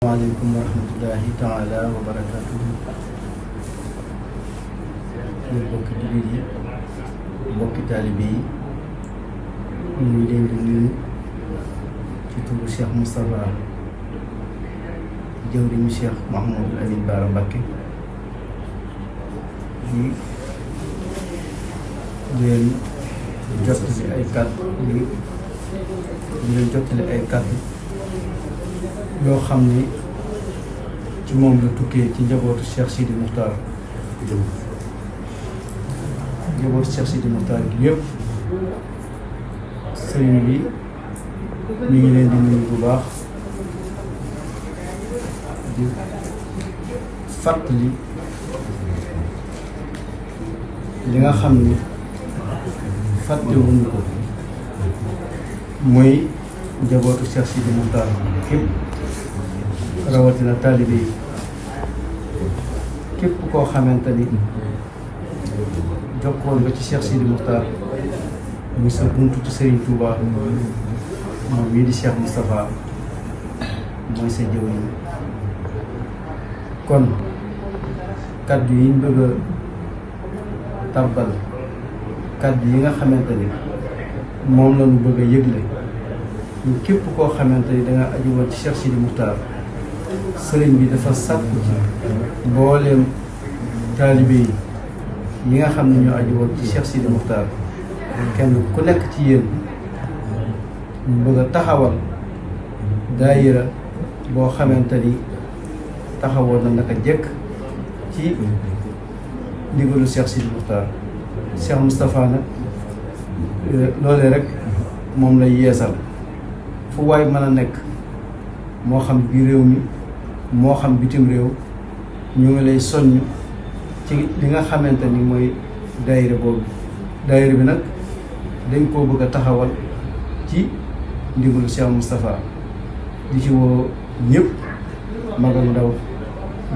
maaleykum wa rahmatullahi taala wa barakaatuhu ñu bokki jullit yi bokki di nuyu ci turu Cheikh Moustapha jëwriñu Cheikh Mouhamadou Amine Bara Mbacké di leen jottali ay kàddu di leen ay kàddu yoo xam ni ci moom lu tukkee ci njabootu Cheikh Sidi Moukhtar njabootu Cheikh Sidi Moukhtar gi yëpp sëriñ ñu ngi leen di nuyu bu baax di fàttali li nga xam ni fàttewuñu ko muy njaboot Cheikh Sidi Kip rawat di taalibe di Kip ko xamante ni jokkoon nga ci Cheikh Sidi Mokhtar muy sa buntu ci Serigne Touba moom mii di Cheikh Mustafa mooy se jëw yi kon kaddu yi ñu bëgg a tàbbal kaddu yi nga xamante ni moom la ñu bëgg yëglé képp koo xamante ni da nga aju woon ci Cheikh Sidi Muxtaar sëriñ bi dafa sàkku ci mbooleem taalibe yi yi nga xam ne ñoo aju woon ci Cheikh Sidi Muxtaar kenn ku nekk ci yéen mu bëgg a taxawal daayira boo xamante ni taxawoon na naka jëkk ci ndigalu Cheikh Sidi Muxtaar Cheikh Moustapha nag eh, loolee moom lay yeesal fu waay mën a nekk moo xam biir réew mi moo xam bitim réew ñu ngi lay soññ ci li nga xamante ni mooy daayira boobu daayira bi nag dañ koo bëgg taxawal ci ndigalu Cheikh Moustapha di ci woo ñëpp mag ak ndaw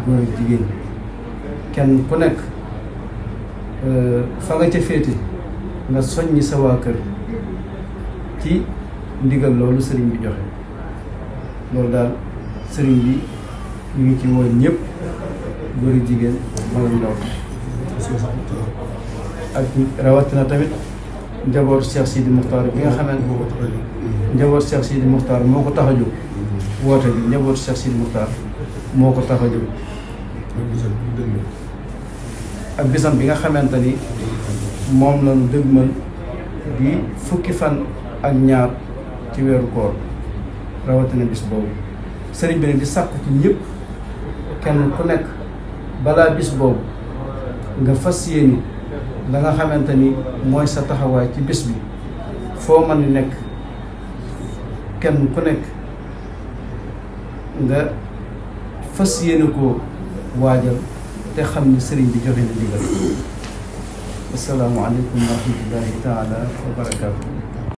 góor jigéen kenn ku nekk euh, fa nga ca féete nga soññi sa kër ci ndigal loolu sëriñ bi joxe loolu daal sëriñ bi ñu ngi ci woon ñëpp jigéen mag ndaw tamit njaboot Cheikh Sidi Mokhtar bi nga xamante ne njaboot Cheikh Sidi Mokhtar moo ko tax a bi nga xamante ni moom lañu dëgmal bi fukki fan ak ñaar ci weeru koor rawatina bis boobu sëriñ bi nag di sàkku ci ñëpp kenn ku nekk balaa bis boobu nga fas yéene la nga xamante ni mooy sa taxawaay ci bis bi foo mën di nekk kenn ku nekk nga fas yéene koo waajal te xam ni sëriñ bi joxe na ndigal asalaamaaleykum wa rahmatullahi taala wa barakaatu